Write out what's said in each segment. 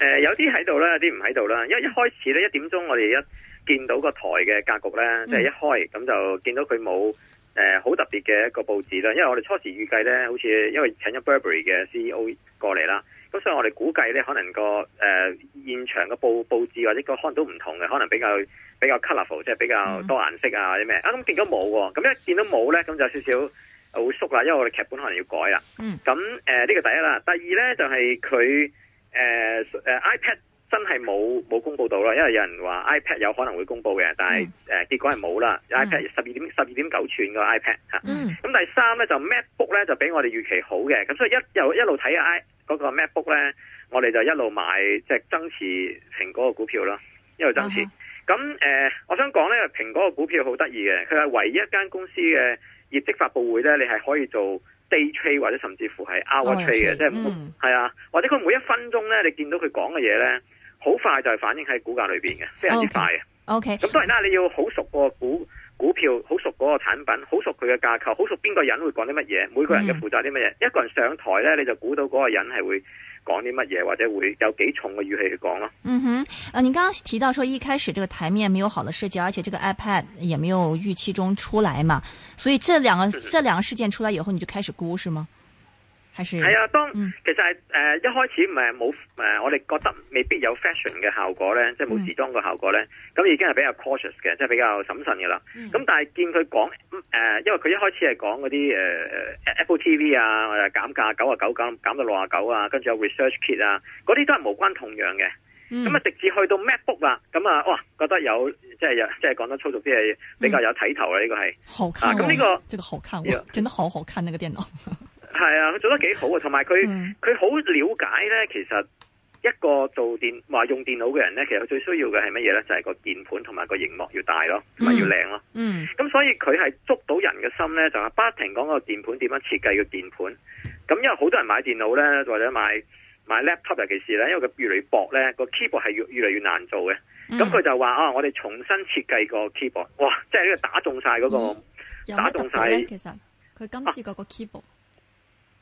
誒、呃，有啲喺度啦，有啲唔喺度啦。因為一開始咧，一點鐘我哋一見到個台嘅格局咧，即、就、係、是、一開咁就見到佢冇誒好特別嘅一個佈置啦。因為我哋初時預計咧，好似因為請咗 Burberry 嘅 C E O 過嚟啦，咁所以我哋估計咧，可能個誒、呃、現場嘅布佈置或者個可能都唔同嘅，可能比較比較 colourful，即係比較多顏色啊啲咩、嗯、啊。咁見到冇、啊，咁一見到冇咧，咁就少少好縮啦，因為我哋劇本可能要改啦。咁誒呢個第一啦，第二咧就係佢。.誒誒、uh, uh,，iPad 真係冇冇公布到啦，因為有人話 iPad 有可能會公布嘅，但係誒、mm. 呃、結果係冇啦。iPad 十二點十二點九寸個 iPad 吓，咁第三咧就 MacBook 咧就比我哋預期好嘅，咁所以一又一路睇下嗰個 MacBook 咧，我哋就一路買即係、就是、增持蘋果嘅股票咯，一路增持。咁誒、uh huh. 呃，我想講咧，蘋果嘅股票好得意嘅，佢係唯一一間公司嘅業績發布會咧，你係可以做 day trade 或者甚至乎係 hour trade 嘅，即係每係啊，或者佢每一分鐘咧，你見到佢講嘅嘢咧，好快就係反映喺股價裏邊嘅，非常之快啊。OK，咁當然啦，你要好熟個股。股票好熟，嗰個產品，好熟佢嘅架構，好熟邊個人會講啲乜嘢，每個人嘅負責啲乜嘢，嗯、一個人上台咧，你就估到嗰個人係會講啲乜嘢，或者會有幾重嘅語氣去講咯。嗯哼，啊，你剛剛提到說，一開始這個檯面沒有好的設計，而且這個 iPad 也沒有預期中出來嘛，所以這兩個這兩個事件出來以後，你就開始估，是嗎？嗯係啊，當、嗯、其實係誒、呃、一開始唔係冇誒，我哋覺得未必有 fashion 嘅效果咧，即係冇時裝嘅效果咧，咁、嗯、已經係比較 cautious 嘅，即係比較審慎嘅啦。咁、嗯、但係見佢講誒，因為佢一開始係講嗰啲誒 Apple TV 啊，或者減價九啊九九減到六啊九啊，跟住有 research kit 啊，嗰啲都係無關痛癢嘅。咁啊、嗯，直至去到 MacBook 啦，咁啊，哇，覺得有即係有即係講得粗俗啲，係比較有睇頭啊。呢、嗯、個係，好哦、啊，咁、這、呢個，這個好看，真的好好看那個電腦。 係啊，佢做得幾好啊，同埋佢佢好了解咧。其實一個做電話用電腦嘅人咧，其實佢最需要嘅係乜嘢咧？就係、是、個鍵盤同埋個熒幕要大咯，同埋、嗯、要靚咯。嗯，咁所以佢係捉到人嘅心咧，就係、是、不停講個鍵盤點樣設計個鍵盤。咁因為好多人買電腦咧，或者買買 laptop 尤其是咧，因為佢越嚟越薄咧，個 keyboard 係越越嚟越難做嘅。咁佢、嗯、就話，啊我哋重新設計個 keyboard，哇！即係呢個打中晒、那、嗰個、嗯、打中晒。其實佢今次個個 keyboard、啊。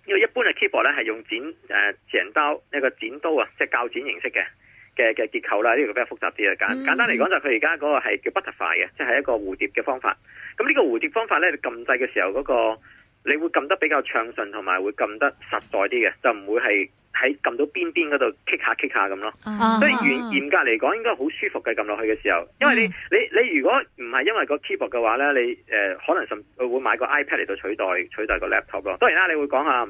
因為一般嘅 keyboard 咧係用剪誒剪、呃、刀一、這個剪刀啊，即係鉸剪形式嘅嘅嘅結構啦，呢、這個比較複雜啲啊。簡簡單嚟講就係佢而家嗰個係叫 Butterfly 嘅，即係一個蝴蝶嘅方法。咁呢個蝴蝶方法咧，撳掣嘅時候嗰、那個。你會撳得比較暢順，同埋會撳得實在啲嘅，就唔會係喺撳到邊邊嗰度 kick 下 kick 下咁咯。Uh huh. 所以嚴嚴格嚟講，應該好舒服嘅撳落去嘅時候。因為你、uh huh. 你你如果唔係因為個 keyboard 嘅話咧，你誒、呃、可能甚至會買個 iPad 嚟到取代取代個 laptop 咯。當然啦，你會講下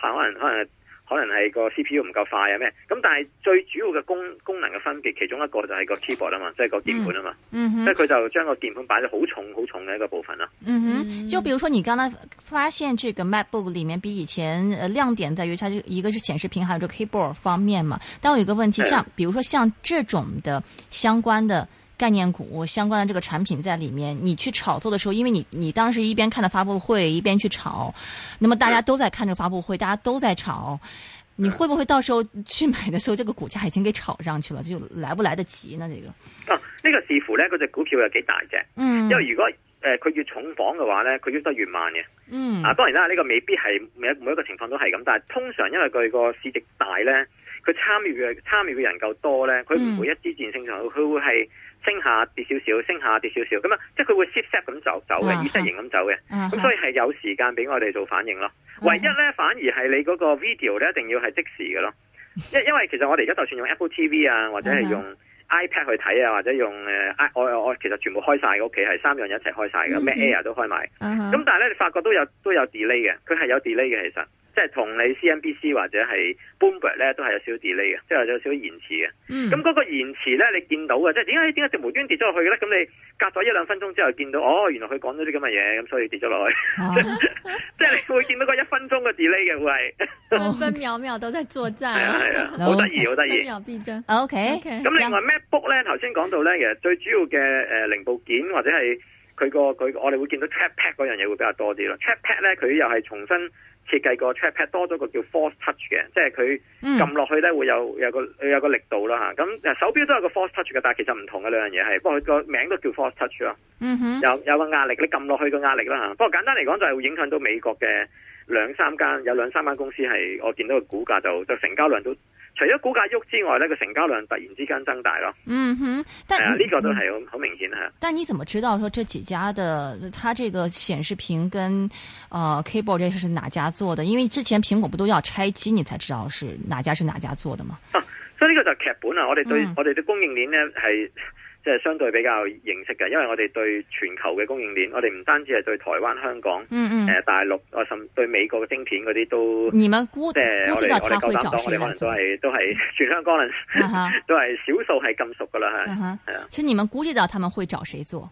可能可能。係可能係個 CPU 唔夠快啊咩？咁但係最主要嘅功功能嘅分別，其中一個就係個 keyboard 啊嘛，即係個鍵盤啊嘛，即係佢就將個鍵盤擺咗好重好重嘅一個部分啦。嗯哼，就比如說你剛剛發現這個 MacBook 裏面比以前亮點在於，佢一個是顯示屏，還有個 keyboard 方面嘛。但我有一個問題，像比如說像這種的相關的。概念股相關的這個產品在裏面，你去炒作的時候，因為你你當時一邊看着發佈會，一邊去炒，那麼大家都在看這發佈會，嗯、大家都在炒，你會不會到時候去買的時候，這個股價已經給炒上去了，就來不來得及呢？這個啊，呢、呢個視乎呢嗰隻股票有幾大嘅，嗯，因為如果誒、呃、佢越重磅嘅話呢，佢越得越慢嘅。嗯，啊，當然啦，呢、呢個未必係每每一個情況都係咁，但係通常因為佢個市值大呢，佢參與嘅參與嘅人夠多呢，佢唔會一支箭升上去，佢會係。升下跌少少，升下跌少少，咁啊，即係佢會 step step 咁走走嘅，以息型咁走嘅，咁、uh huh. 所以係有時間俾我哋做反應咯。唯一呢，uh huh. 反而係你嗰個 video 呢，一定要係即時嘅咯。因 因為其實我哋而家就算用 Apple TV 啊，或者係用 iPad 去睇啊，或者用誒，i、uh huh. 啊、我我其實全部開晒嘅屋企係三樣嘢一齊開晒嘅，Mac Air 都開埋。咁、uh huh. 但係咧，你發覺都有都有 delay 嘅，佢係有 delay 嘅其實。即係同你 CNBC 或者係 Bloomberg 咧，都係有少少 delay 嘅，即係有少少延遲嘅。咁嗰、嗯、個延遲咧，你見到嘅，即係點解點解就無端跌咗落去嘅咧？咁你隔咗一兩分鐘之後見到，哦，原來佢講咗啲咁嘅嘢，咁所以跌咗落去。啊、 即係你會見到個一分鐘嘅 delay 嘅，會係分秒秒都在作戰。係啊係啊，好得意好得意。O K 咁另外 MacBook 咧，頭先講到咧，其實最主要嘅誒、呃、零部件或者係佢個佢，我哋會見到 TrackPad 嗰樣嘢會比較多啲咯。TrackPad 咧，佢又係重新。設計個 trackpad 多咗個叫 force touch 嘅，即係佢撳落去咧，會有有個有個力度啦，嚇，咁手錶都有個 force touch 嘅，但係其實唔同嘅兩樣嘢係，不過佢個名都叫 force touch 啊。有有個壓力，你撳落去個壓力啦，嚇，不過簡單嚟講，就係會影響到美國嘅兩三間，有兩三間公司係我見到個股價就就成交量都。除咗股價喐之外咧，個成交量突然之間增大咯。嗯哼，但呢、啊嗯、個都係好明顯吓。但你怎麼知道說這幾家的，它這個顯示屏跟，誒、呃、，cable 這是哪家做的？因為之前蘋果不都要拆機，你才知道是哪家是哪家做的嘛、啊。所以呢個就係劇本啊，我哋對，嗯、我哋對供應鏈呢係。即係相對比較認識嘅，因為我哋對全球嘅供應鏈，我哋唔單止係對台灣、香港，誒，大陸，我甚對美國嘅晶片嗰啲都，你們估，估計到他我哋我哋我哋係都係全香港人，都係少數係咁熟噶啦吓。其實你們估計到他們會找誰做？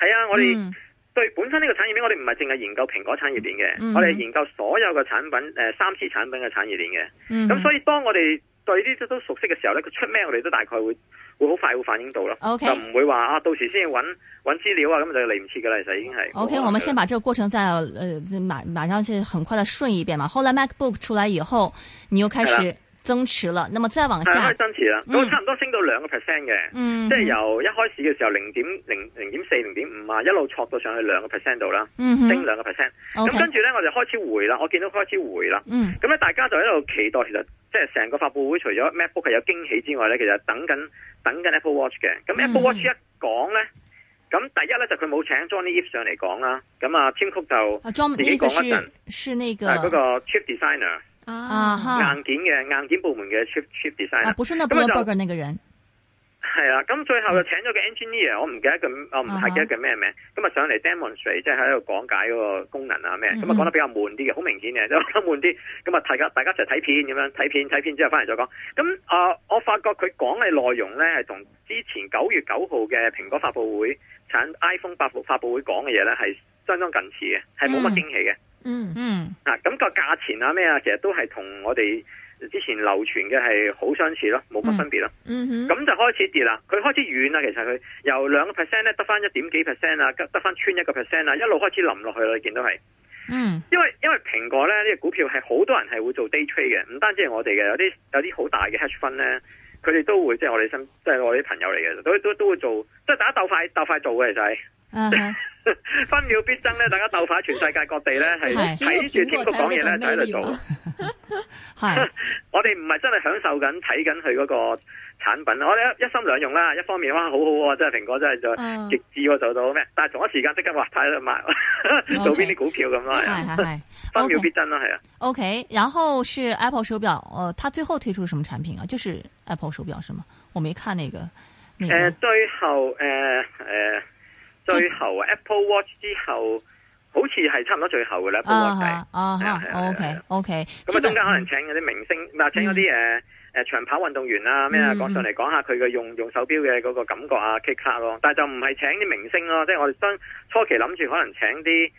係啊，我哋對本身呢個產業鏈，我哋唔係淨係研究蘋果產業鏈嘅，我哋研究所有嘅產品，誒，三 C 產品嘅產業鏈嘅。咁所以當我哋對呢啲都熟悉嘅時候咧，佢出咩我哋都大概會。會好快會反應到咯，Okay. 就唔會話啊，到時先要揾揾資料啊，咁就嚟唔切噶啦，其實已經係。O Okay , K，我們先把這個過程再，誒、呃，馬馬上去很快的順一遍嘛。後來 MacBook 出來以後，你又開始。增持了，那麼再往下係增持啦，都、嗯、差唔多升到兩個 percent 嘅，嗯、即係由一開始嘅時候零點零零點四零點五啊，一路坐到上去兩個 percent 度啦，嗯、哼 升兩個 percent。咁、嗯、Okay, 跟住咧，我就開始回啦，我見到開始回啦。咁咧、嗯，大家就喺度期待，其實即係成個發布會除咗 MacBook 係有驚喜之外咧，其實等緊等緊 Apple Watch 嘅。咁、嗯、Apple Watch 一講咧，咁、嗯、第一咧就佢冇請 Jony Ive 上嚟講啦，咁啊 Tim Cook 就自己講一陣，係嗰個 Chief Designer。啊，硬件嘅硬件部門嘅 chip chip designer，啊，designer 不是那麼多 bug 個人。係啦、啊，咁最後就請咗個 engineer，我唔記得個我唔係記得個咩名，咁啊哈上嚟 demonstrate，即係喺度講解嗰個功能啊咩，咁啊講得比較慢啲嘅，好明顯嘅，就 得慢啲，咁啊大家大家一齊睇片咁樣，睇片睇片之後翻嚟再講。咁啊、呃，我發覺佢講嘅內容咧，係同之前九月九號嘅蘋果發布會產 iPhone 八發布發布會講嘅嘢咧係。相當近似嘅，係冇乜驚喜嘅、嗯。嗯嗯，啊，咁、那個價錢啊咩啊，其實都係同我哋之前流傳嘅係好相似咯，冇乜分別咯、啊。咁、嗯嗯、就開始跌啦，佢開始遠啦。其實佢由兩個 percent 咧，得翻一點幾 percent 啊，得得翻穿一個 percent 啊，一路開始冧落去啦。你見到係，嗯因，因為因為蘋果咧呢隻、這個、股票係好多人係會做 day trade 嘅，唔單止係我哋嘅，有啲有啲好大嘅 hedge fund 咧，佢哋都會即係、就是、我哋身，即、就、係、是、我哋啲朋友嚟嘅，所都都，都會做，即係大家鬥快鬥快做嘅其實係。啊是 分秒必爭咧，大家鬥快全世界各地咧，係睇住蘋果講嘢咧喺度做。係，啊、我哋唔係真係享受緊睇緊佢嗰個產品，我哋一心兩用啦。一方面哇，好好喎，真係蘋果真係做極致，呃、我做到咩？但係同一時間即刻話睇到度喎，做邊啲股票咁咯。係係、嗯啊啊啊啊啊啊 okay, 分秒必爭咯，係啊。啊 OK，然後是 Apple 手錶，哦、呃，他最後推出什麼產品啊？就是 Apple 手錶，是嗎？我沒看那個。誒、那個，最後誒誒。最後 Apple Watch 之後，好似係差唔多最後嘅 Apple Watch 係啊啊啊，OK OK。咁中間可能請嗰啲明星，唔請嗰啲誒誒長跑運動員啊咩啊，講上嚟講下佢嘅用用手表嘅嗰個感覺啊，kick 卡咯。但係就唔係請啲明星咯，即係我哋初初期諗住可能請啲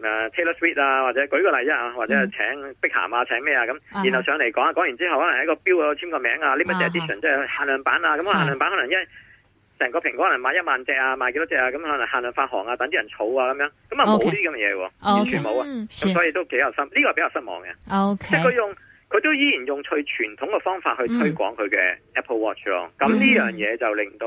誒 Taylor Swift 啊，或者舉個例子啊，或者請碧咸啊，請咩啊咁，然後上嚟講，講完之後可能喺個表嗰度簽個名啊，呢 limited edition 即係限量版啊，咁限量版可能因為。成個蘋果能賣一萬隻啊，賣幾多隻啊？咁可能限量發行啊，等啲人儲啊咁樣，咁啊冇啲咁嘅嘢喎，完 Okay. 全冇啊，Okay. 所以都幾有失，呢是個比較失望嘅。Okay. 即係佢用佢都依然用最傳統嘅方法去推廣佢嘅 Apple Watch 咯。咁呢、嗯、樣嘢就令到。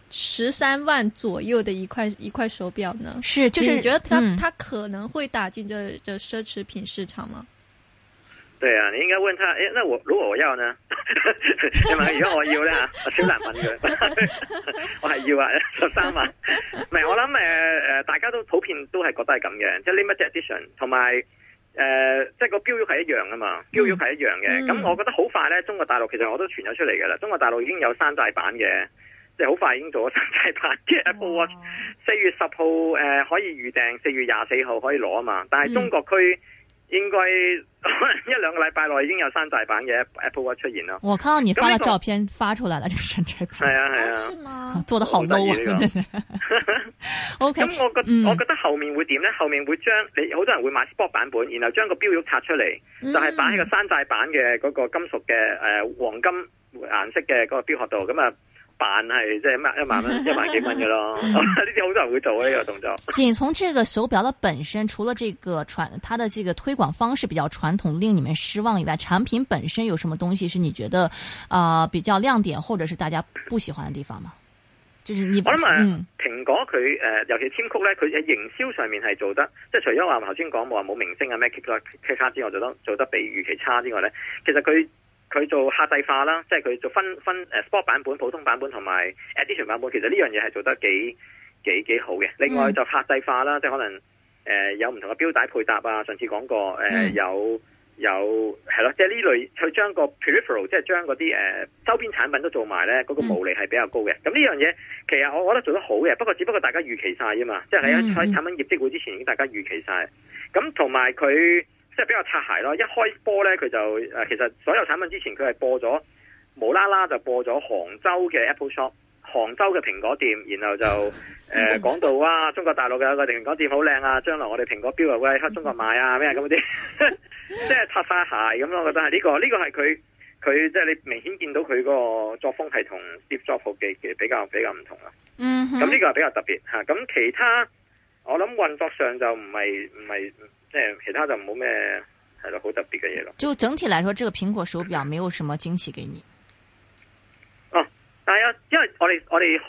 十三萬左右的一塊一塊手表呢？是天，就是你覺得他、嗯、他可能會打進這這奢侈品市場嗎？對啊，你應該問他，哎、欸，那我，我 是是如果我要呢？有嗎？ 有 我要啦，我收攬問佢我係要啊，十三萬、啊。唔 係，我諗誒誒，大家都普遍都係覺得係咁嘅，即、就、係、是、limited edition，同埋誒，即、呃、係、就是、個標幺係一樣噶嘛，標幺係一樣嘅。咁我覺得好快咧，中國大陸其實我都傳咗出嚟噶啦，中國大陸已經有山寨版嘅。好快已經做咗山寨版嘅 Apple Watch，四、哦、月十號誒可以預訂，四月廿四號可以攞啊嘛。但係中國區應該、嗯、可能一兩個禮拜內已經有山寨版嘅 Apple Watch 出現咯。我看到你發嘅照片發出來了，就山寨版。係啊係啊，啊嗎做得好 low 嘅、啊。O K，咁我覺我覺得後面會點咧？後面會將你好多人會買 Sport 版本，然後將個表玉拆出嚟，嗯、就係擺喺個山寨版嘅嗰個金屬嘅誒黃金顏色嘅嗰個表殼度。咁啊。扮係即係萬一萬蚊一萬幾蚊嘅咯，呢啲好多人會做呢、呢個動作。僅從這個手錶的本身，除了這個傳它的這個推廣方式比較傳統，令你們失望以外，產品本身有什麼東西是你覺得啊、呃、比較亮點，或者是大家不喜歡的地方嗎？就是、你我諗啊，蘋、嗯、果佢誒、呃，尤其是 Tim Cook 咧，佢喺營銷上面係做得，即係除咗話頭先講冇冇明星啊、咩 a r 卡之外，做得做得比預期差之外咧，其實佢。佢做客製化啦，即係佢做分分 sport 版本、普通版本同埋 edition 版本，其實呢樣嘢係做得幾幾幾好嘅。另外就客製化啦，嗯、即可能誒、呃、有唔同嘅錶帶配搭啊。上次講過誒、呃嗯、有有係咯，即係呢類佢將個 peripheral，即係將嗰啲誒周邊產品都做埋咧，嗰、那個毛利係比較高嘅。咁呢樣嘢其實我覺得做得好嘅，不過只不過大家預期晒啊嘛，即係喺喺產品業績會之前已經大家預期晒。咁同埋佢。即係比較擦鞋咯，一開波咧佢就誒，其實所有產品之前佢係播咗無啦啦就播咗杭州嘅 Apple Shop，杭州嘅蘋果店，然後就誒講到啊，中國大陸嘅一個蘋果店好靚啊，將來我哋蘋果錶啊會喺中國買啊咩咁嗰啲，即係擦花鞋咁咯，我覺得係、這、呢個，呢、這個係佢佢即係你明顯見到佢嗰個作風係同 Steve Jobs 嘅嘅比較比較唔同咯。嗯，咁呢個係比較特別吓，咁、啊、其他。我諗運作上就唔係唔係即係其他就冇咩係咯，好特別嘅嘢咯。就整體來說，這個蘋果手表沒有什麼驚喜給你。哦、啊，但係啊，因為我哋我哋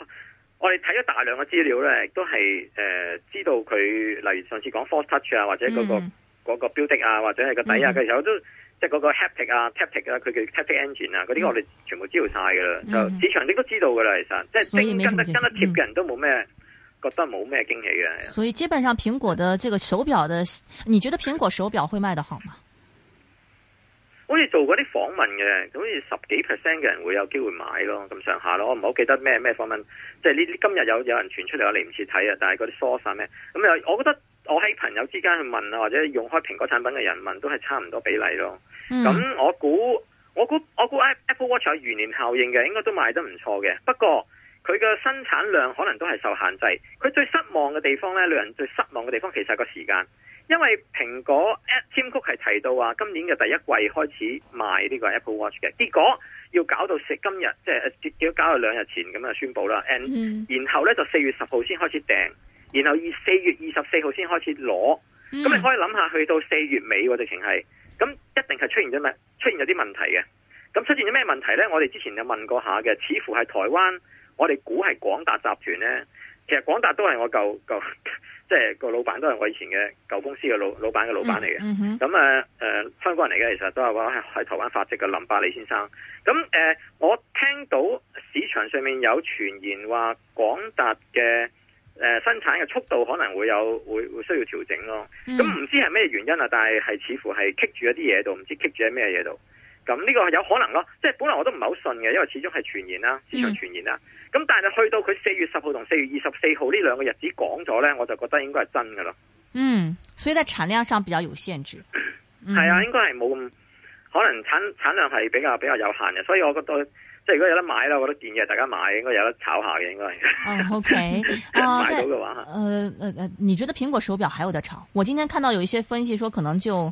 我哋睇咗大量嘅資料咧，都係誒、呃、知道佢，例如上次講 Force Touch 啊，或者嗰、那個嗰、嗯、個標的、er、啊，或者係個底啊嘅、嗯、時候都即係嗰個 Haptic 啊 Taptic 啊，佢嘅 Taptic Engine 啊，嗰啲、嗯、我哋全部知道晒噶啦，就、嗯、市場你都知道噶啦，其實即、就、係、是、跟跟得貼嘅人都冇咩。嗯覺得冇咩驚喜嘅，所以基本上蘋果嘅這個手表的，你覺得蘋果手表會賣得好嗎？好似做嗰啲訪問嘅，好似十幾 percent 嘅人會有機會買咯，咁上下咯，我唔好記得咩咩訪問，即係呢今日有有人傳出嚟，我嚟唔切睇啊，但係嗰啲 source 呢？咁、嗯、又、嗯、我覺得我喺朋友之間去問啊，或者用開蘋果產品嘅人問，都係差唔多比例咯。咁我估，我估，我估，估 Apple Watch 有餘年效應嘅，應該都賣得唔錯嘅，不過。佢嘅生產量可能都係受限制。佢最失望嘅地方呢，令人最失望嘅地方其實係個時間，因為蘋果 at 簽曲係提到話今年嘅第一季開始賣呢個 Apple Watch 嘅，結果要搞到今日，即係要搞到兩日前咁啊宣佈啦。And, 嗯、然後呢，就四月十號先開始訂，然後二四月二十四號先開始攞。咁、嗯、你可以諗下，去到四月尾喎，直情係，咁一定係出現咗咩？出現咗啲問題嘅。咁出現咗咩問題呢？我哋之前有問過下嘅，似乎係台灣。我哋估係廣達集團呢，其實廣達都係我舊舊即係個老闆，都係我以前嘅舊公司嘅老老闆嘅老闆嚟嘅。咁啊、嗯，誒、嗯，香港人嚟嘅，其實都係話係台灣發跡嘅林百里先生。咁誒、呃，我聽到市場上面有傳言話廣達嘅誒生產嘅速度可能會有會會需要調整咯、啊。咁唔、嗯、知係咩原因啊？但係係似乎係棘住一啲嘢度，唔知棘住喺咩嘢度。咁呢個係有可能咯，即係本來我都唔係好信嘅，因為始終係傳言啦，市場傳言啦。咁、嗯、但係去到佢四月十號同四月二十四號呢兩個日子講咗呢，我就覺得應該係真噶喇。嗯，所以在產量上比較有限制。係、嗯、啊，應該係冇咁，可能產產量係比較比較有限嘅，所以我覺得即係如果有得買啦，我覺得建議大家買，應該有得炒下嘅，應該係，哦，OK， 啊，買到嘅話，誒誒你覺得蘋果手表還有得炒？我今天看到有一些分析說，可能就。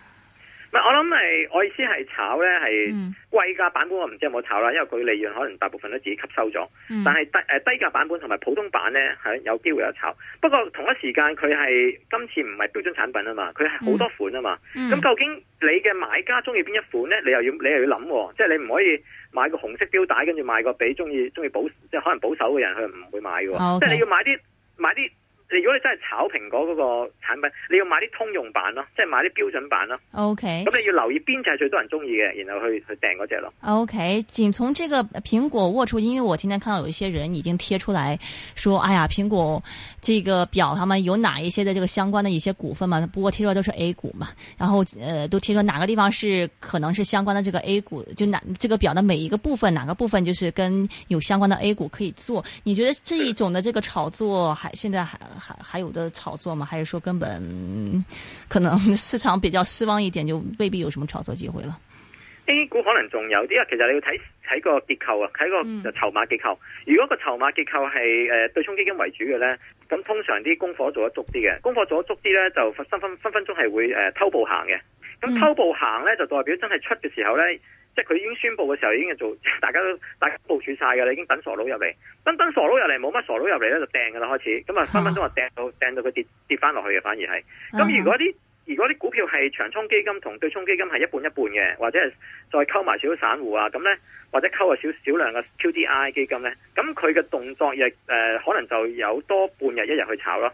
我諗係，我意思係炒咧係貴價版本我唔知有冇，我唔知有冇炒啦，因為佢利潤可能大部分都自己吸收咗。嗯、但係低誒、呃、低價版本同埋普通版咧，係有機會有得炒。不過同一時間佢係今次唔係標準產品啊嘛，佢係好多款啊嘛。咁、嗯、究竟你嘅買家中意邊一款咧？你又要你又要諗、啊，即、就、係、是、你唔可以買個紅色標帶，跟住買個俾中意中意保即係、就是、可能保守嘅人，佢唔會買嘅、啊。即係、啊 okay. 你要買啲買啲。如果你真係炒蘋果嗰個產品，你要買啲通用版咯、啊，即係買啲標準版咯、啊。O K. 咁你要留意邊隻最多人中意嘅，然後去去訂嗰隻咯。O K. 僅從這個蘋果握出，因為我今天看到有一些人已經貼出來，說，哎呀蘋果這個表，他們有哪一些的這個相關的一些股份嘛？不過貼出來都是 A 股嘛。然後，呃，都貼出哪個地方是可能是相關的這個 A 股，就哪這個表的每一個部分，哪個部分就是跟有相關的 A 股可以做。你覺得這一種的這個炒作還，還現在還？還有的炒作嘛？還是說根本可能市場比較失望一點，就未必有什麼炒作機會了。A 股可能仲有啲啊，其實你要睇睇個結構啊，睇個籌碼結構。如果個籌碼結構係誒、呃、對沖基金為主嘅呢，咁通常啲功課做得足啲嘅，功課做得足啲呢，就分分分分鐘係會誒、呃、偷步行嘅。咁偷步行呢，就代表真係出嘅時候呢。嗯即係佢已經宣布嘅時候已經做，大家都大家都部署晒㗎喇，已經等傻佬入嚟。等等傻佬入嚟，冇乜傻佬入嚟咧，就掟㗎喇開始，咁啊分分鐘啊掟到掟到佢跌跌返落去嘅反而係。咁如果啲如果啲股票係長倉基金同對沖基金係一半一半嘅，或者係再溝埋少少散戶啊，咁咧或者溝埋少少量嘅 QDII 基金咧，咁佢嘅動作亦誒、呃，可能就有多半日一日去炒咯。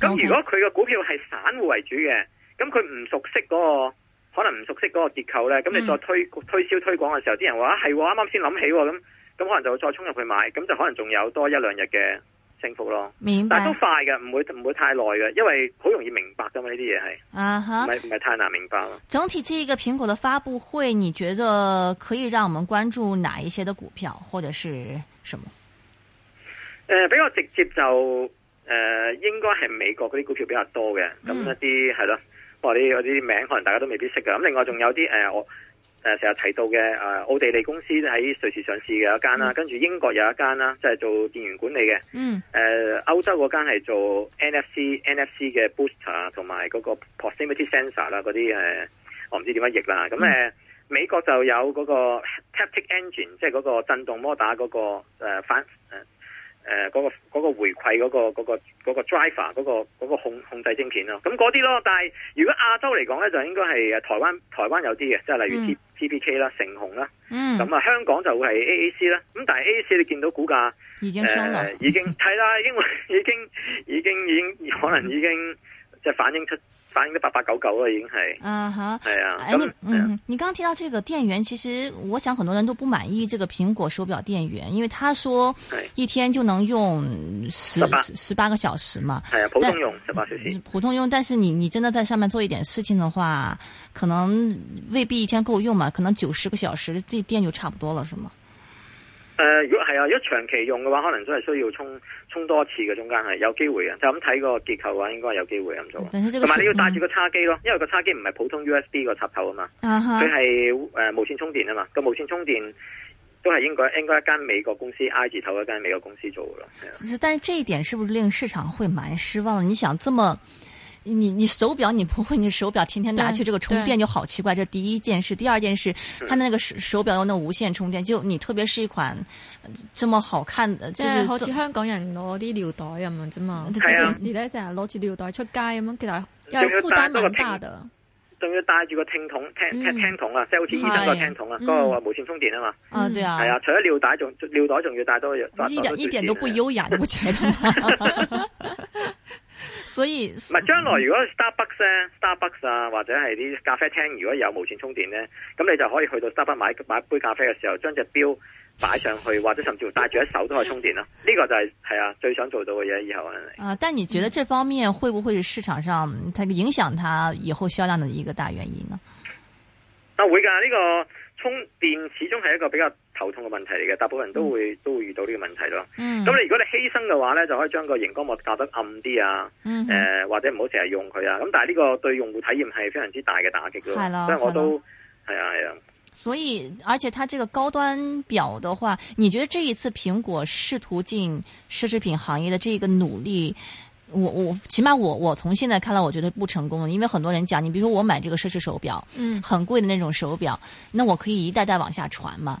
咁如果佢嘅股票係散戶為主嘅，咁佢唔熟悉嗰、嗰個。可能唔熟悉嗰個結構咧，咁你再推推銷推廣嘅時候，啲、嗯、人話係我啱啱先諗起咁，咁可能就再衝入去買，咁就可能仲有多一兩日嘅升幅咯。明白，但係都快嘅，唔會唔會太耐嘅，因為好容易明白噶嘛呢啲嘢係，唔係唔係太難明白咯。整體呢一個蘋果嘅發佈會，你覺得可以讓我們關注哪一些嘅股票或者是什麼？誒、呃，比較直接就誒、呃，應該係美國嗰啲股票比較多嘅，咁一啲係咯。嗯是我啲我啲名可能大家都未必識㗎。咁另外仲有啲誒、呃，我誒成日提到嘅誒奧地利公司喺瑞士上市嘅一間啦，mm. 跟住英國有一間啦，即、就、係、是、做電源管理嘅。嗯、mm. 呃。誒，歐洲嗰間係做 NFC、mm. NFC 嘅 Booster 同埋嗰個 Proximity Sensor 啦，嗰啲誒，我唔知點樣譯啦。咁、mm. 嗯、美國就有嗰個 Taptic Engine，即係嗰個震動摩打嗰個誒反誒。呃誒嗰、呃那個嗰、那個回饋嗰、那個嗰、那個嗰、那個 driver 嗰、那個嗰、那個控控制晶片咯，咁嗰啲咯。但係如果亞洲嚟講咧，就應該係台灣台灣有啲嘅，即係例如 TPK 啦、成紅啦。嗯。咁啊，香港就會係 A A C 啦。咁但係 A A C 你見到股價已經升嚟、呃、已經係啦，因為已經已經已經，已經可能已經即係反映出。八八九九啦，已經係。啊哈、uh，係、huh. 啊。哎、你嗯，嗯你剛剛提到這個電源，其實我想很多人都不滿意這個蘋果手錶電源，因為他說，一天就能用十十八個小時嘛。係啊，普通用十八但小時。普通用，但是你你真的在上面做一點事情的話，可能未必一天夠用嘛。可能九十個小時，這電就差不多了，是嗎？呃如果係啊，如果長期用嘅話，可能真係需要充。充多次嘅中間係有機會嘅，就咁睇個結構嘅話應該有機會咁做，同埋你要帶住個叉機咯，因為個叉機唔係普通 USB 個插頭啊嘛，佢係、啊哈呃、無線充電啊嘛，這個無線充電都係應該應該一間美國公司 I 字頭一間美國公司做嘅咯。係。但係這一點是不是令市場會蠻失望？你想這麼你你手表你不會？你手表天天拿去這個充電就好奇怪。這第一件事，第二件事，他那個手手表用那無線充電，就你特別是一款這麼好看的，即係好似香港人攞啲尿袋咁樣啫嘛。這件事呢成日攞住尿袋出街咁樣，其實又負擔蠻大的，仲要帶住個聽筒，聽聽筒啊，即係好似醫生個聽筒啊，嗰個無線充電啊嘛。啊，對啊。係啊，除咗尿袋，仲尿袋仲要帶多要。一點一點都不優雅，你不覺得嗎？所以唔係將來如果 Starbucks 咧、嗯、Starbucks 啊或者係啲咖啡廳如果有無線充電咧，咁你就可以去到 Starbucks 買買一杯咖啡嘅時候，將隻表擺上去， 或者甚至乎戴住一手都可以充電咯。呢 個就係、是、係啊最想做到嘅嘢，以後啊。啊，但你覺得這方面會不會是市場上，它影響它以後銷量的一個大原因呢？啊、嗯、會噶，呢、這個充電始終係一個比較。頭痛嘅問題嚟嘅，大部分人都會都會遇到呢個問題咯。咁你、嗯、如果你犧牲嘅話呢，就可以將個熒光幕搞得暗啲啊，誒、嗯哼呃、或者唔好成日用佢啊。咁但係呢個對用戶體驗係非常之大嘅打擊咯。係啦的，所以我都係啊係啊。的的所以而且，它這個高端表的話，你覺得這一次蘋果試圖進奢侈品行業的這個努力，我我起碼我我從現在看到我覺得不成功，因為很多人講，你比如說我買這個奢侈手表，嗯，很貴的那種手表，那我可以一代代往下傳嘛。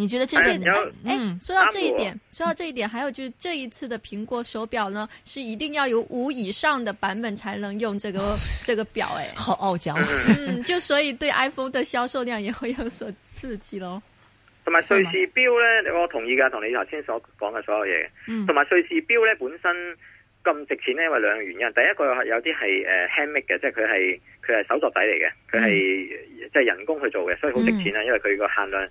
你覺得這點誒，嗯，說到這一點，說到這一點，還有就是這一次的蘋果手錶呢，是一定要有五以上的版本才能用這個這個錶誒，好傲嬌，嗯，就所以對 iPhone 的銷售量也會有所刺激咯。同埋瑞士錶呢，我同意噶，同你頭先所講嘅所有嘢，嗯，同埋瑞士錶呢本身咁值錢咧，因為兩個原因，第一個有啲係誒 handmade 嘅，即係佢係佢係手作底嚟嘅，佢係即係人工去做嘅，所以好值錢啦，因為佢個限量。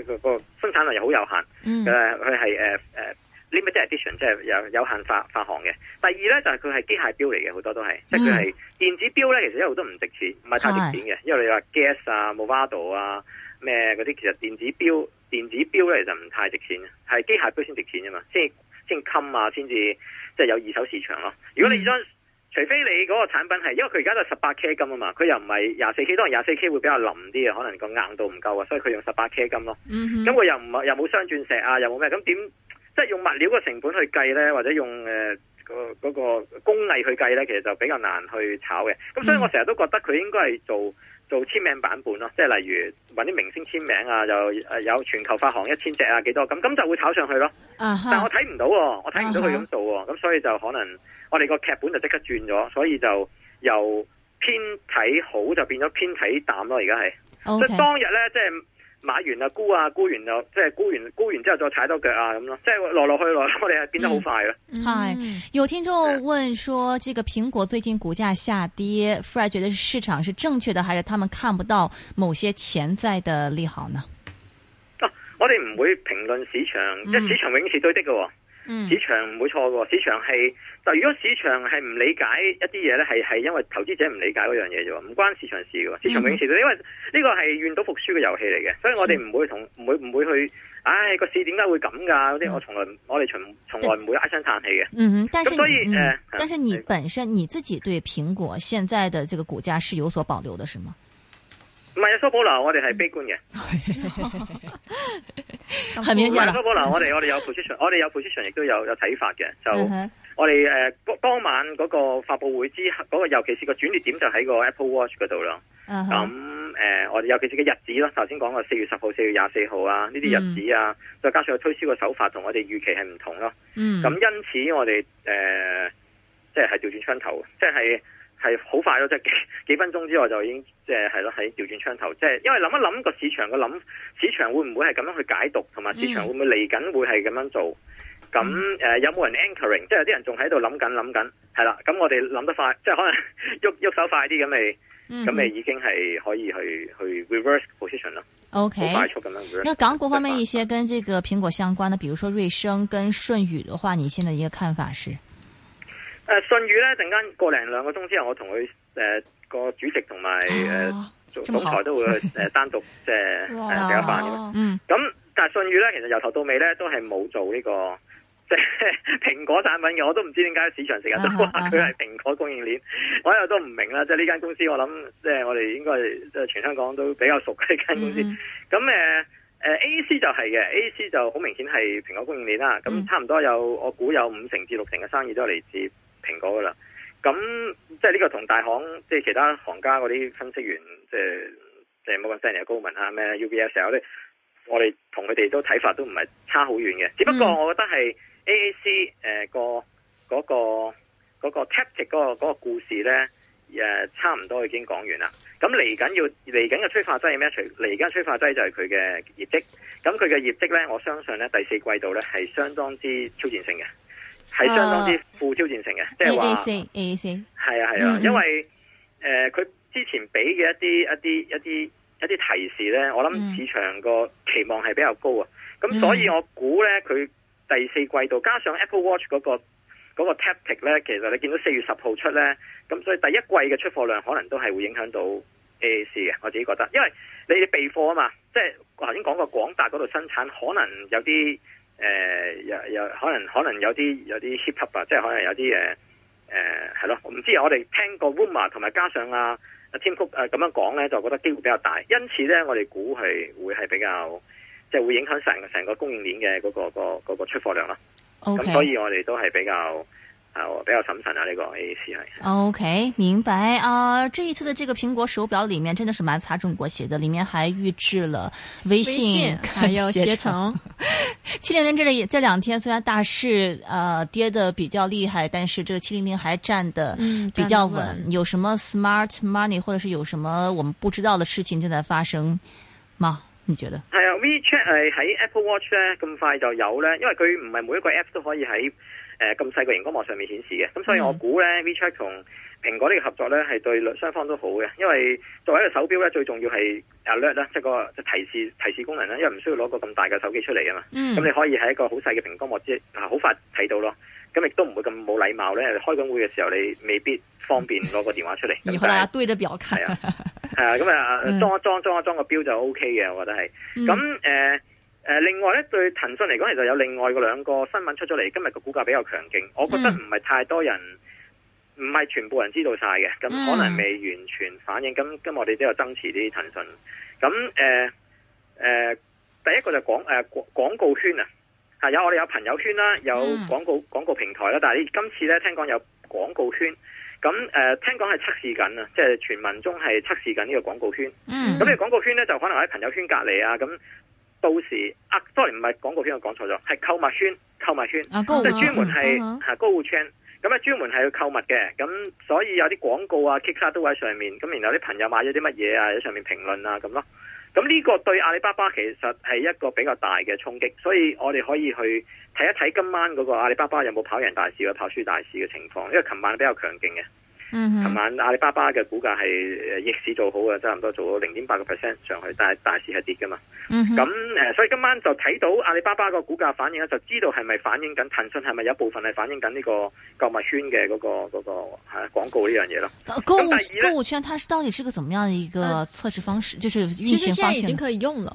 個生產量又好有限，佢係誒誒 limit edition，即係有有限發發行嘅。第二咧就係佢係機械表嚟嘅，好多都係、嗯、即係佢係電子表咧，其實一路都唔值錢，唔係太值錢嘅。是因為你話 Guess 啊、Movado 啊咩嗰啲，其實電子表電子表咧就唔太值錢，係機械表先值錢㗎嘛，先先襟啊，先至即係有二手市場咯。如果你將除非你嗰個產品係，因為佢而家就十八 K 金啊嘛，佢又唔係廿四 K，當然廿四 K 會比較腍啲啊，可能個硬度唔夠啊，所以佢用十八 K 金咯。咁佢、mm hmm. 又唔又冇雙鑽石啊，又冇咩，咁點即係用物料嘅成本去計呢？或者用嗰、呃嗰個嗰個工藝去計呢？其實就比較難去炒嘅。咁所以我成日都覺得佢應該係做做簽名版本咯，即係例如搵啲明星簽名啊，又誒有全球發行一千隻啊，幾多，咁咁就會炒上去咯。但係我睇唔到，我睇唔到佢咁做喎，咁所以就可能我哋個劇本就即刻轉咗，所以就由偏睇好就變咗偏睇淡咯。而家係，即係當日咧，即係。買完啦，沽啊，沽完又即係沽完沽完之後再踩多腳啊咁咯，即係落落去落，我哋係變得好快咯。係、嗯嗯、有聽眾問說，這個蘋果最近股價下跌，Fred、嗯、覺得市場是正確的，還是他們看不到某些潛在的利好呢？啊我哋唔會評論市場，即係市場永遠是對的噶，嗯，市，市場唔會錯噶，市場係。但如果市場係唔理解一啲嘢咧，係係因為投資者唔理解嗰樣嘢啫喎，唔關市場事嘅，市場永事嘅，因為呢個係願賭服輸嘅遊戲嚟嘅，所以我哋唔會從唔會唔會去，唉、哎、個市點解會咁噶嗰啲，我從來、嗯、我哋從從來唔會唉聲嘆氣嘅。嗯哼，咁所以但是你本身、嗯、你自己對蘋果現在的這個股價是有所保留的，是嗎？唔係有所保留，我哋係悲觀嘅，係咪啊？唔係有所保留，我哋我哋有 position，我哋有 position 亦都有有睇法嘅，就。嗯我哋誒、呃、當晚嗰個發佈會之後，嗰個尤其是個轉捩點就喺個 Apple Watch 嗰度咯。咁誒、uh huh. 嗯呃，我哋尤其是個日子咯，頭先講個四月十號、四月廿四號啊，呢啲日子啊，mm. 再加上佢推銷嘅手法同我哋預期係唔同咯。咁、mm. 因此我哋誒、呃，即係係調轉槍頭，即係係好快咯，即係幾，幾分鐘之外就已經即係係咯，喺調轉槍頭。即係因為諗一諗個市場嘅諗，市場會唔會係咁樣去解讀，同埋市場會唔會嚟緊會係咁樣做？Mm. 咁誒、嗯、有冇人 anchoring？即係有啲人仲喺度諗緊諗緊，係啦。咁我哋諗得快，即係可能喐喐手快啲咁咪，咁咪、嗯、已經係可以去去 reverse position 啦。OK，好快速咁樣。那港股方面一些跟這個蘋果相關嘅，比如說瑞聲跟舜宇的話，你現在一個看法是？啊、舜宇咧，陣間過零兩個鐘之後，我同佢誒個主席同埋誒總裁都會、呃、單獨即係比較下咁，但係舜宇咧，其實由頭到尾咧都係冇做呢個。即蘋 果產品嘅，我都唔知點解市場成日都話佢係蘋果供應鏈，嗯嗯、我又都唔明啦。即係呢間公司我想、呃，我諗即係我哋應該全香港都比較熟嘅呢間公司。咁誒誒，A C 就係嘅，A C 就好明顯係蘋果供應鏈啦。咁差唔多有、嗯、我估有五成至六成嘅生意都係嚟自蘋果噶啦。咁即係呢個同大行，即係其他行家嗰啲分析員，即係即係冇咁犀利嘅高文啊，咩、就是、U B S L 啲。我哋同佢哋都睇法，都唔係差好遠嘅，只不過我覺得係 A A C 誒、呃嗰個嗰、嗰個嗰、嗰個 Taptic 嗰個嗰、嗰個故事咧，誒，差唔多已經講完啦。咁嚟緊，要嚟緊嘅催化劑係咩？除嚟緊嘅催化劑就係佢嘅業績。咁佢嘅業績咧，我相信咧第四季度咧係相當之挑戰性嘅，係、uh, 相當之富挑戰性嘅。即係話意思係啊係啊，啊 mm hmm. 因為誒佢、呃、之前俾嘅一啲一啲一啲。一啲提示呢，我諗市場個期望係比較高啊，咁、mm. 所以我估呢，佢第四季度加上 Apple Watch 嗰、嗰個、嗰個 Taptic 呢，其實你見到四月十號出呢，咁所以第一季嘅出貨量可能都係會影響到 AAC 嘅，我自己覺得，因為你哋備貨啊嘛，即係頭先講過廣達嗰度生產，可能有啲誒、呃、有有可能可能有啲有啲 hip hop 啊，即係可能有啲誒誒係咯，我唔知我哋聽過 w u m a r 同埋加上啊。Cook，啊，Tim Cook 咁樣講咧，就覺得機會比較大，因此咧，我哋估係會係比較，即、就、係、是、會影響成成個供應鏈嘅嗰、那個、那個嗰、那個、出貨量啦。咁 Okay. 所以我哋都係比較。哦、深深啊，我比較審慎啊，呢個 A A C 係。O K，明白啊、呃！這一次的這個蘋果手錶裏面真的是蠻擦中國鞋的，裏面還預置了微信，微信還有攜程。血統 七零零這，這裏這兩天雖然大市，呃，跌得比較厲害，但是這個七零零還站得比較穩。嗯嗯、有什麼 smart money，或者是有什麼我們不知道的事情正在發生嗎？你覺得？係啊，WeChat 係、啊、喺 Apple Watch 咧咁快就有咧，因為佢唔係每一個 app 都可以喺。誒，咁細個熒光幕上面顯示嘅，咁所以我估咧 WeChat 同蘋果呢個合作咧，係對兩雙方都好嘅，因為作為一個手錶咧，最重要係 alert 啦，即係個即係提示提示功能啦，因為唔需要攞個咁大嘅手機出嚟啊嘛，咁、嗯、你可以喺一個好細嘅螢光幕之啊好快睇到咯，咁亦都唔會咁冇禮貌咧，開緊會嘅時候你未必方便攞個電話出嚟，你、嗯、大家對得比較近，係啊，係、 嗯、啊，咁啊裝一裝裝一裝個表就 OK 嘅，我覺得係，咁、嗯誒、呃，另外咧，對騰訊嚟講，其實有另外個兩個新聞出咗嚟，今日個股價比較強勁。我覺得唔係太多人，唔係、嗯、全部人知道晒嘅，咁、嗯嗯、可能未完全反映。咁今日我哋都有增持啲騰訊。咁誒誒，第一個就廣誒、呃、廣告圈啊，係有我哋有朋友圈啦、啊，有廣告、嗯、廣告平台啦、啊。但係今次咧，聽講有廣告圈，咁誒、呃，聽講係測試緊啊，即係傳聞中係測試緊呢個廣告圈。嗯。咁呢個廣告圈咧，就可能喺朋友圈隔籬啊，咁。到時啊 sorry，唔係廣告圈，我講錯咗，係購物圈，購物圈，即、啊、專門係高戶圈，咁、嗯嗯、啊、啊專門係去購物嘅，咁所以有啲廣告啊 kick 卡都喺上面，咁然後啲朋友買咗啲乜嘢啊喺上面評論啊咁咯，咁呢個對阿里巴巴其實係一個比較大嘅衝擊，所以我哋可以去睇一睇今晚嗰個阿里巴巴有冇跑贏大市啊，跑輸大市嘅情況，因為琴晚比較強勁嘅。琴、嗯、晚阿里巴巴嘅股價係逆市做好嘅，差唔多做到零點八個 percent 上去，但係大市係跌㗎嘛。咁誒、嗯哼，所以今晚就睇到阿里巴巴個股價反應咧，就知道係咪反映緊騰訊係咪有一部分係反映緊呢、這個購物圈嘅嗰、那個嗰、那個吓廣、那個啊、告這物呢樣嘢咯。購購物圈，它是到底是個怎麼樣一個測試方式？呃、就是運行、上線。其實現在已經可以用了。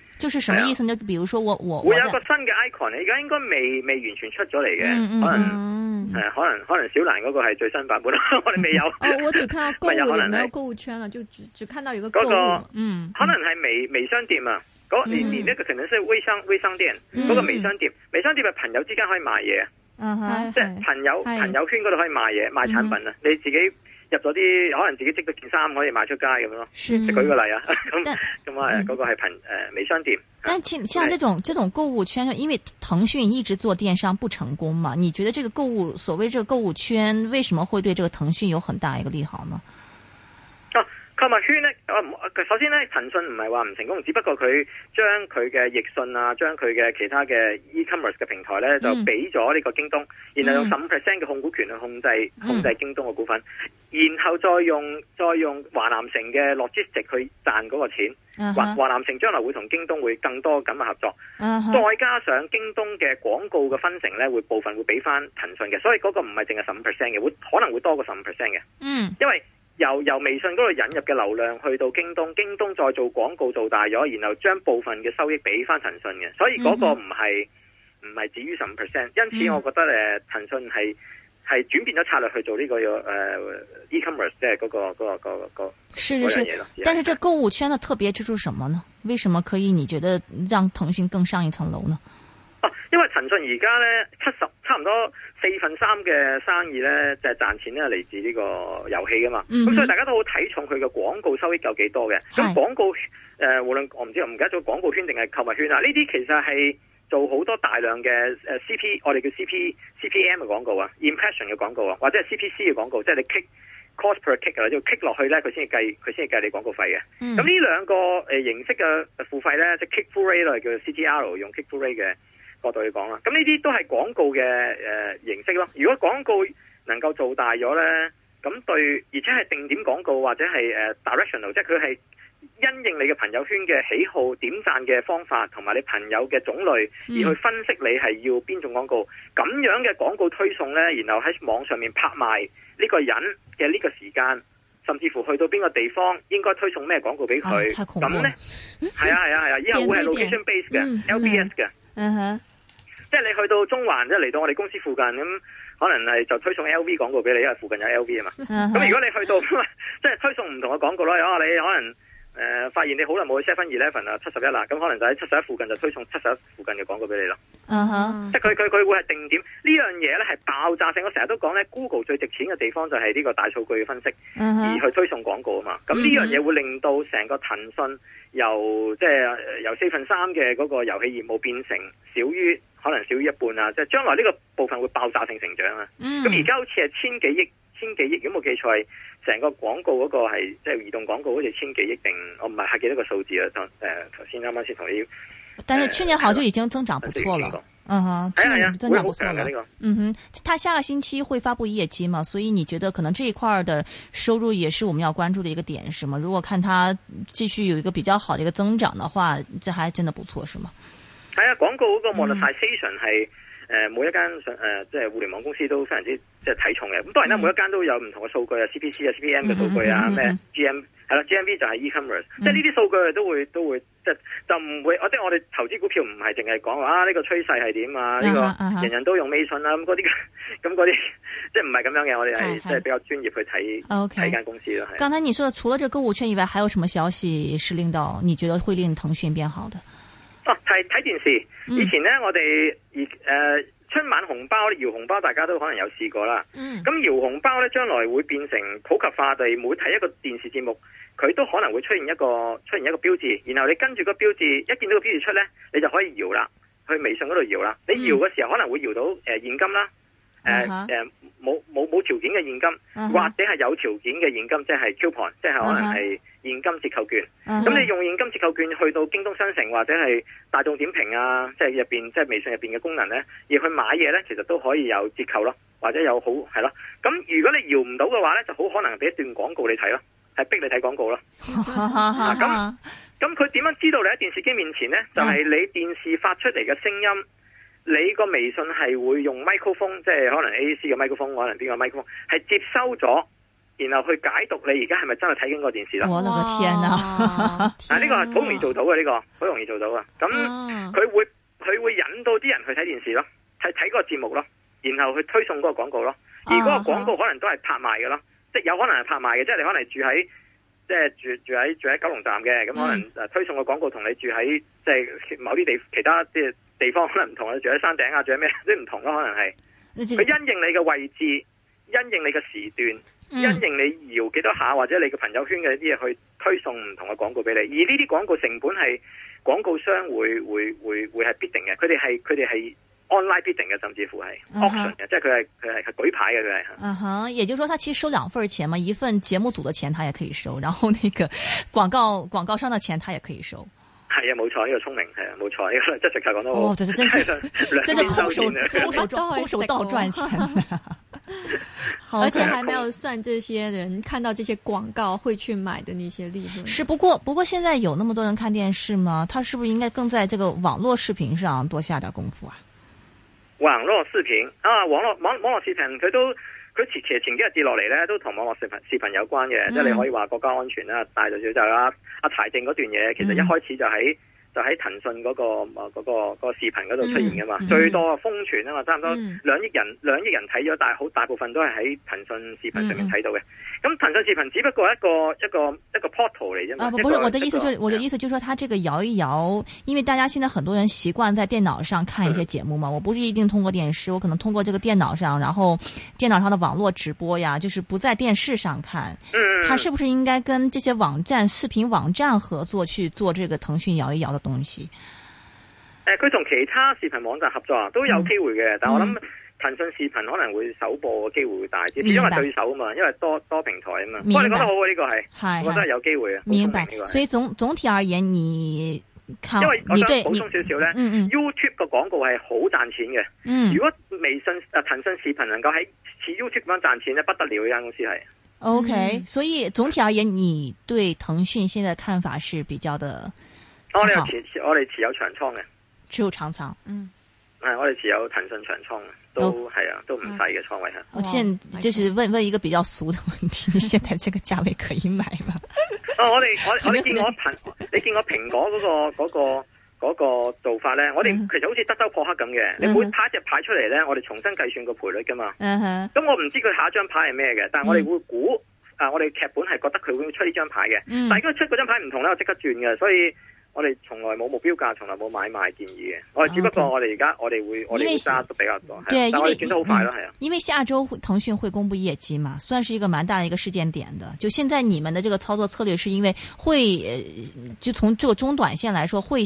就係什麼意思呢？比如說，我我會有個新嘅 icon，而家應該未未完全出咗嚟嘅，可能可能小蘭嗰個係最新版本，我哋未有。我只看到購物，冇購物圈啦，就只只看到一個購物。嗯，可能係微微商店啊，嗰連呢個產品識微商微商店，嗰個微商店，微商店係朋友之間可以賣嘢啊，即係朋友朋友圈嗰度可以賣嘢賣產品啊，你自己。入咗啲可能自己織咗件衫可以賣出街咁樣咯，啊、舉個例啊，咁咁啊嗰個係憑誒美商店。但似像這種、哎、這種購物圈，因為騰訊一直做電商不成功嘛，你覺得這個購物所謂這個購物圈，為什麼會對這個騰訊有很大一個利好呢？購物圈咧，啊，佢首先咧，騰訊唔係話唔成功，只不過佢將佢嘅易訊啊，將佢嘅其他嘅 e-commerce 嘅平台咧，就俾咗呢個京東，然後用十五 percent 嘅控股權去控制控制京東嘅股份，然後再用再用華南城嘅 logistics 去賺嗰個錢，華華、uh huh. 南城將來會同京東會更多咁嘅合作，uh huh. 再加上京東嘅廣告嘅分成咧，會部分會俾翻騰訊嘅，所以嗰個唔係淨係十五 percent 嘅，會可能會多過十五 percent 嘅，嗯，uh huh. 因為。由由微信嗰度引入嘅流量去到京東，京東再做廣告做大咗，然後將部分嘅收益俾翻騰訊嘅，所以嗰個唔係唔係止於十五 percent。因此我覺得誒，騰訊係係轉變咗策略去做呢、這個誒、呃、e-commerce，即係嗰、嗰個嗰、嗰個嗰、嗰個呢、嗰個嗰個、但是這購物圈的特別之處什麼呢？為什麼可以你覺得讓騰訊更上一層樓呢？啊、因為騰訊而家呢，七十差唔多。四分三嘅生意呢，就係、是、賺錢呢嚟自呢個遊戲㗎嘛，咁、mm hmm. 所以大家都好睇重佢嘅廣告收益有幾多嘅。咁廣告誒是、呃，無論我唔知，我唔記得咗廣告圈定係購物圈啊？呢啲其實係做好多大量嘅、呃、CP，我哋叫 CP CPM 嘅廣告啊，impression 嘅廣告啊，或者係 CPC 嘅廣告，即係你 kick cost per kick 啊，即 kick 落去呢，佢先計，佢先計你廣告費嘅。咁呢、mm hmm. 兩個、呃、形式嘅付費呢，即、就、係、是、kick through rate 叫 CTR 用 kick through rate 嘅角度去講啦，咁呢啲都係廣告嘅、呃、形式咯。如果廣告能夠做大咗咧，咁對，而且係定點廣告或者係、呃、directional，即係佢係因應你嘅朋友圈嘅喜好、點讚嘅方法同埋你朋友嘅種類而去分析你係要邊種廣告。咁、嗯、樣嘅廣告推送咧，然後喺網上面拍賣呢個人嘅呢個時間，甚至乎去到邊個地方應該推送咩廣告俾佢。咁咧，係啊係啊係啊，以後會係 location based 嘅，LBS 嘅。嗯.即係你去到中環，即係嚟到我哋公司附近咁，可能係就推送 LV 廣告俾你，因為附近有 LV 啊嘛。咁、uh huh. 如果你去到呵呵，即係推送唔同嘅廣告咧，你可能誒、呃、發現你好耐冇去 Seven Eleven 啊七十一啦，咁可能就喺七十一附近就推送七十一附近嘅廣告俾你咯。Uh huh. 即係佢佢佢會係定點，這呢樣嘢呢係爆炸性。我成日都講呢 Google 最值錢嘅地方就係呢個大數據分析，uh huh. 而去推送廣告啊嘛。咁呢樣嘢會令到成個騰訊由即係、uh huh. 由，就是、由四分三嘅嗰個遊戲業務變成少於。可能少於一半啊！即係將來呢個部分會爆炸性成，成長啊！嗯，咁而家好似係千幾億，千幾億，有冇記錯？成個廣告嗰個係，即係移動廣告，好似千幾億定我唔係係幾多個數字啊？當誒頭先啱啱先同你。呃、但是去年好像已經增長不錯了，的嗯哼，去年增長不錯了的，的了的這個、嗯哼，他下個星期會發布業績嘛？所以你覺得可能這一塊的收入也是我們要關注的一個點是嗎？如果看他繼續有一個比較好的一個增長的話，這還真的不錯是嗎？係啊，廣告嗰個 monetisation 係誒，每一間誒即係互聯網公司都非常之即係睇重嘅。咁當然啦，每一間都有唔同嘅數據啊，CPC 啊，CPM 嘅數據啊，咩 GM 係啦，GMV 就係 e commerce，即係呢啲數據都會都會即係就唔會。即係我哋投資股票唔係淨係講話呢個趨勢係點啊呢個，人人都用微信啦，咁嗰啲咁嗰啲即係唔係咁樣嘅。我哋係即係比較專業去睇睇間公司咯。剛才你說除了這個購物圈以外，還有什麼消息是令到你覺得會令騰訊變好的？哦，睇睇電視。以前咧，我哋而誒春晚紅包搖紅包，大家都可能有試過啦。咁搖、嗯、紅包咧，將來會變成普及化，地每睇一個電視節目，佢都可能會出現一個出現一個標誌，然後你跟住個標誌，一見到個標誌出咧，你就可以搖啦。去微信嗰度搖啦。嗯、你搖嘅時候可能會搖到誒、呃、現金啦，誒誒冇冇冇條件嘅現金，uh、huh, 或者係有條件嘅現金，即係 coupon，、uh huh, 即係可能係。Uh huh, 現金折扣券，咁、uh huh. 你用現金折扣券去到京東商城或者係大眾點評啊，即係入邊即係微信入邊嘅功能呢，而去買嘢呢，其實都可以有折扣咯，或者有好係咯。咁如果你搖唔到嘅話呢，就好可能俾一段廣告你睇咯，係逼你睇廣告咯。咁咁佢點樣知道你喺電視機面前呢？就係、是、你電視發出嚟嘅聲音，uh huh. 你個微信係會用 microphone，即係可能 A/C 嘅 microphone，可能邊個 microphone 係接收咗。然後去解讀你而家係咪真係睇緊個電視啦？我哇個天啊！嗱，呢個係好容易做到嘅，呢、啊呢個好容易做到嘅。咁佢、啊、會佢會引到啲人去睇電視咯，睇睇嗰個節目咯，然後去推送嗰個廣告咯。而嗰個廣告可能都係拍賣嘅咯，啊啊、即係有可能係拍賣嘅。即係你可能住喺即係住住喺住喺九龍站嘅，咁、嗯、可能誒推送嘅廣告同你住喺即係某啲地其他即係地方可能唔同，你住喺山頂啊，住喺咩都唔同咯，可能係佢因應你嘅位置，因應你嘅時段。嗯、因應你搖幾多下，或者你嘅朋友圈嘅一啲嘢去推送唔同嘅廣告俾你，而呢啲廣告成本係廣告商會會會會係必定嘅，佢哋係佢哋係 online 必定嘅，甚至乎係 option 嘅，啊、哈即係佢係佢係舉牌嘅佢係。嗯哼、啊，也就是說，他其實收兩份錢嘛，一份節目組的錢他也可以收，然後呢個廣告廣告商的錢他也可以收。係啊， 冇錯，呢、這個聰明係啊，冇錯，呢個即係直頭講得好。真係真係，真係空手空 手空手道賺錢。 好而且還沒有算這些人看到這些廣告會去買的那些利潤。是不過，不過現在有那麼多人看電視嗎？他是不是應該更在這個網絡視頻上多下點功夫啊？網絡視頻啊，網絡網網絡視頻，佢都佢前其實前幾日跌落嚟咧，都同網絡視頻視頻有關嘅，即係你可以話國家安全啦，大到小就啦，啊柴靜嗰段嘢，其實一開始就喺。就喺騰訊、那個、那個啊嗰、那個、那個視頻度出現噶嘛，嗯嗯、最多風傳啊嘛，差唔多兩億人兩億人睇咗，但係好大部分都係喺騰訊視頻上面睇到嘅。咁、嗯、騰訊視頻只不過係一個一個一個 portal 嚟啫嘛。啊，不個不是，我的意思就是、是我的意思就是說佢這個搖一搖，因為大家現在很多人習慣在電腦上看一些節目嘛，嗯、我不是一定通過電視，我可能通過這個電腦上，然後電腦上的網絡直播呀，就是不在電視上看，嗯，佢是不是應該跟這些網站視頻網站合作去做這個騰訊搖一搖搖？東西，誒，佢同其他視頻網站合作都有機會嘅，但我諗騰訊視頻可能會首播嘅機會會大啲，因為對手啊嘛，因為多多平台啊嘛。明白。我覺得好啊，呢個係，係，我覺得有機會啊。明白。所以總總體而言，你因為我想補充少少咧，YouTube 個廣告係好賺錢嘅。嗯。如果微信啊騰訊視頻能夠喺似 YouTube 咁樣賺錢咧，不得了，呢間公司係。OK，所以總體而言，你對騰訊現在看法是比較的。我哋持我哋持有長倉嘅，持有長倉，嗯，係我哋持有騰訊長倉嘅，都係啊，都唔細嘅倉位吓。我之前，就是問問一個比較俗的問題，你現在這個價位可以買嘛？我哋我你見你見我蘋果嗰個個個做法咧，我哋其實好似德州撲克咁嘅，你每拍一隻牌出嚟咧，我哋重新計算個賠率噶嘛。嗯哼，咁我唔知佢下一張牌係咩嘅，但係我哋會估啊，我哋劇本係覺得佢會出呢張牌嘅，但係如果出嗰張牌唔同咧，我即刻轉嘅，所以。我哋從來冇目標價，從來冇買賣建議嘅。我哋只不過我哋而家我哋會因為我啲揸都比較多，對但係我轉得好快咯，係啊、嗯。因為下周騰訊會公布業績嘛，算是一個蠻大的一個事件點的。就現在你們的這個操作策略，是因為會就從這個中短線來說，會，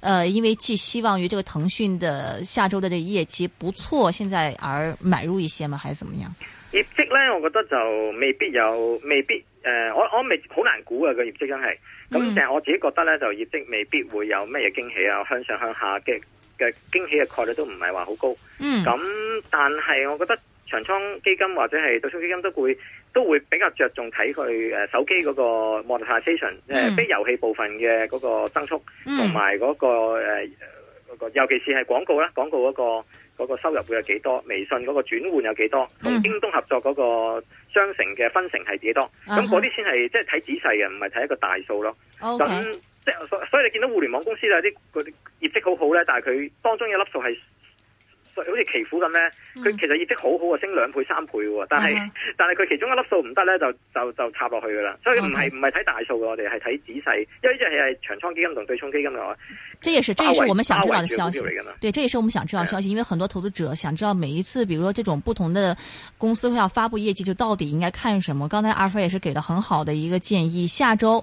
呃，因為寄希望於這個騰訊的下周的這個業績不錯，現在而買入一些嗎？還是怎麼樣？業績咧，我覺得就未必有，未必誒、呃，我我未好難估啊、這個業績真係。咁但係我自己覺得咧，就業績未必會有乜嘢驚喜啊，向上向下嘅嘅驚喜嘅概率都唔係話好高。咁、嗯、但係我覺得長倉基金或者係對沖基金都會都會比較着重睇佢手機嗰個 Monetization 誒非遊、嗯、戲、呃、部分嘅嗰個增速同埋嗰個嗰個、呃，尤其是係廣告啦，廣告嗰、嗰個。嗰個收入會有幾多？微信嗰個轉換有幾多？同京東合作嗰個商城嘅分成係幾多？咁嗰啲先係即係睇仔細嘅，唔係睇一個大數咯。咁即係所所以你見到互聯網公司咧啲啲業績好好咧，但係佢當中有一粒數係。好似奇虎咁呢，佢其實業績好好啊，升兩倍三倍喎，但係、嗯、但係佢其中一粒數唔得咧，就就就插落去噶啦，所以唔係唔係睇大數嘅，我哋係睇仔細，因為呢隻係長倉基金同對沖基金嚟嘅。這也是這也是我們想知道的消息，對，這也是我們想知道的消息，因為很多投資者想知道每一次，比如說這種不同的公司會要發布業績，就到底應該看什麼？剛才阿飛也是給了很好的一個建議，下周。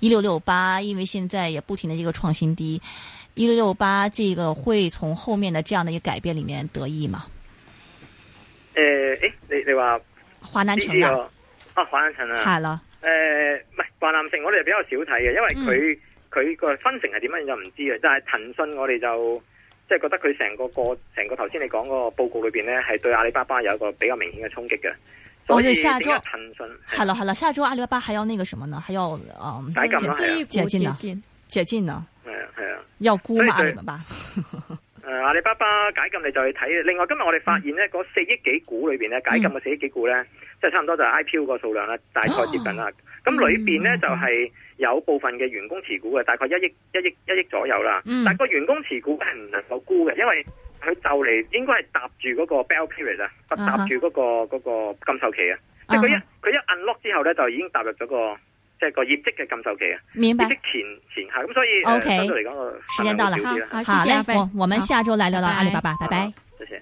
一六六八，哦、68, 因為現在也不停的一個創新低，一六六八這個會從後面的這樣的一個改變裏面得益嗎？誒，誒、呃，你你話華南城啊、這個？啊，華南城啊？係咯的。誒、呃，唔係華南城，我哋比較少睇嘅，因為佢佢個分成係點樣就唔知嘅。但係騰訊我就，我哋就即、是、係覺得佢成個個成個頭先你講個報告裏邊咧，係對阿里巴巴有一個比較明顯嘅衝擊嘅。我哋下周係啦係啦下周，阿里巴巴還要那個什麼呢？還要啊，解解解禁解禁呢？係啊係啊，要沽一啲吧。誒，阿里巴巴解禁，你就去睇。另外今日我哋發現咧，嗰四億幾股裏邊咧，解禁嘅四億幾股咧，即係差唔多就 IPO 個數量啦，大概接近啦。咁裏邊咧就係有部分嘅員工持股嘅，大概一億、一億、一億左右啦。但個員工持股係唔能夠估嘅，因為佢就嚟應該係搭住嗰個 bell period 啊，搭住嗰個嗰個禁售期啊。即係佢一佢一 unlock 之後咧，就已經踏入咗個即係個業績嘅禁售期啊。明白。業績前前後咁，所以 O K 嚟講。時間到了，好，好，謝謝阿 Fred，我我哋下週來聊到阿里巴巴，拜拜。多謝。